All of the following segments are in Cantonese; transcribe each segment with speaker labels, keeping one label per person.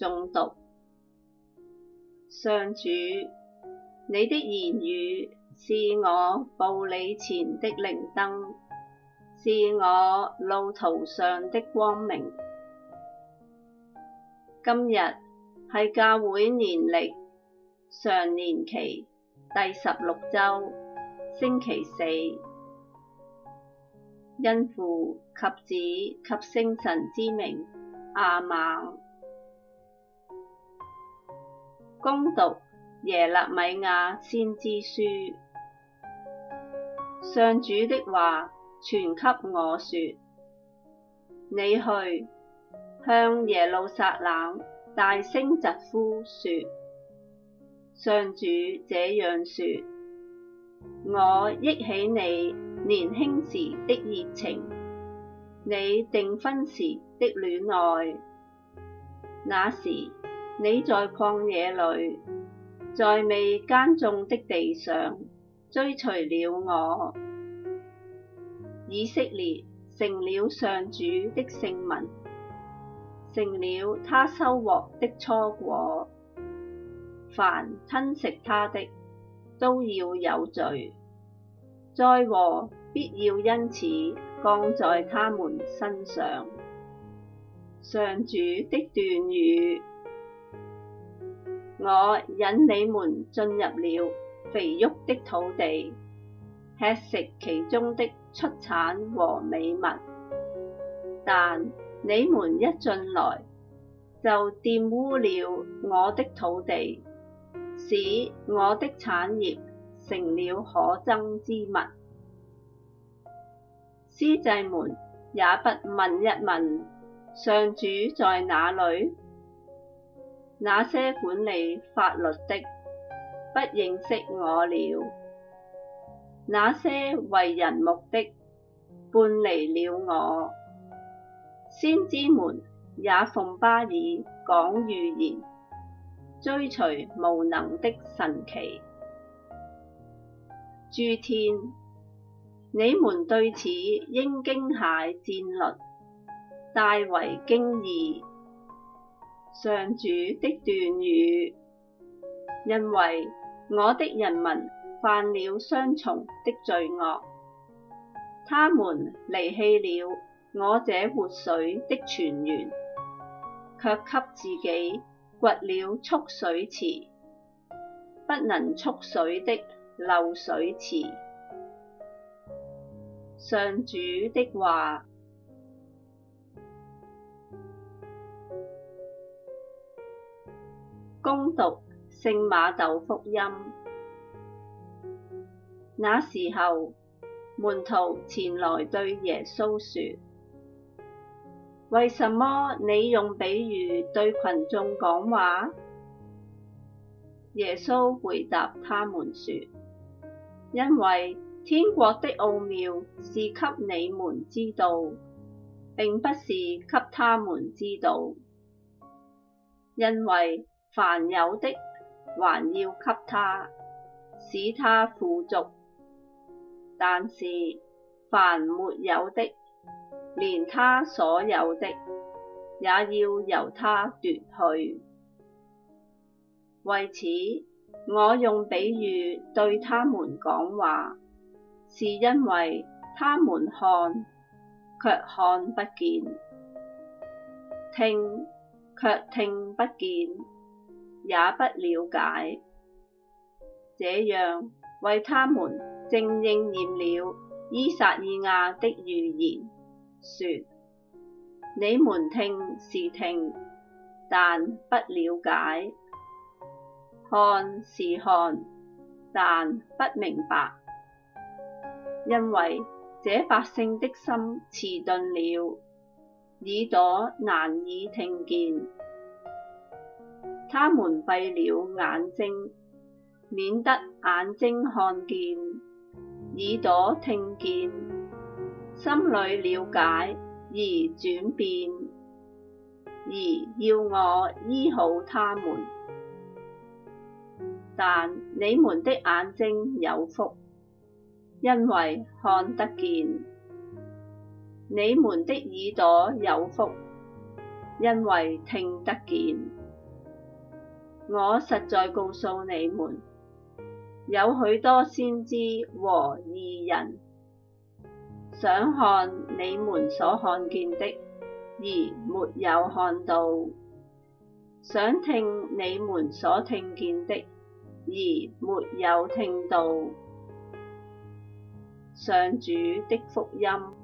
Speaker 1: 誦讀上主，你的言語是我步履前的靈燈，是我路途上的光明。今日係教會年曆常年期第十六周星期四，因父及子及聖神之名，阿們。恭讀耶肋米亞先知書，上主的話傳給我說：你去向耶路撒冷大聲疾呼說：上主這樣說，我憶起你年輕時的熱情，你訂婚時的戀愛，那時。你在曠野裏，在未耕種的地上追隨了我，以色列成了上主的聖民，成了他收穫的初果。凡吞食他的，都要有罪，災禍必要因此降在他們身上。上主的斷語。我引你們進入了肥沃的土地，吃食其中的出產和美物，但你們一進來，就玷污了我的土地，使我的產業成了可憎之物。司祭們也不問一問，上主在哪裏？那些管理法律的，不認識我了，那些為人牧的，叛離了我，先知們也奉巴爾講預言，追隨無能的神祇，諸天，你們對此應驚駭戰慄，大為驚異。上主的斷語，因為我的人民犯了雙重的罪惡，他們離棄了我這活水的泉源，卻給自己掘了蓄水池，不能蓄水的漏水池。—上主的話。恭讀聖瑪竇福音。那時候，門徒前來對耶穌説：為什麼你用比喻對群眾講話？耶穌回答他們說：因為天國的奧妙是給你們知道，並不是給他們知道。因為凡有的，還要給他，使他富足；但是，凡沒有的，連他所有的，也要由他奪去。為此，我用比喻對他們講話，是因為他們看，却看不見；聽，却聽不見。也不了解，這樣為他們正應驗了依撒意亞的預言，說：你們聽是聽，但不了解；看是看，但不明白，因為這百姓的心遲鈍了，耳朵難以聽見。他們閉了眼睛，免得眼睛看見、耳朵聽見、心裏了解而轉變，而要我醫好他們。但你們的眼睛有福，因為看得見；你們的耳朵有福，因為聽得見。我實在告訴你們，有許多先知和義人，想看你們所看見的，而沒有看到，想聽你們所聽見的，而沒有聽到，上主的福音。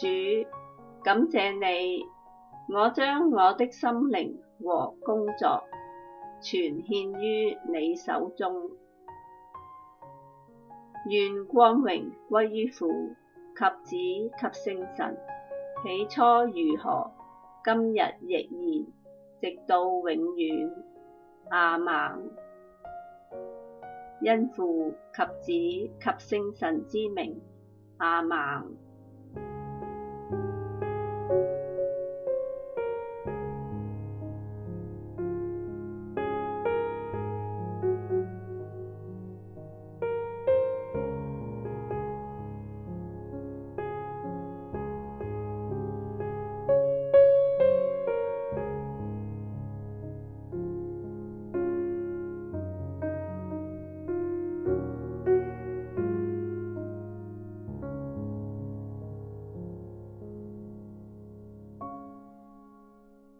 Speaker 1: 主，感謝你，我將我的心靈和工作全獻於你手中。願光榮歸於父及子及聖神，起初如何，今日亦然，直到永遠。阿孟，因父及子及聖神之名。阿孟。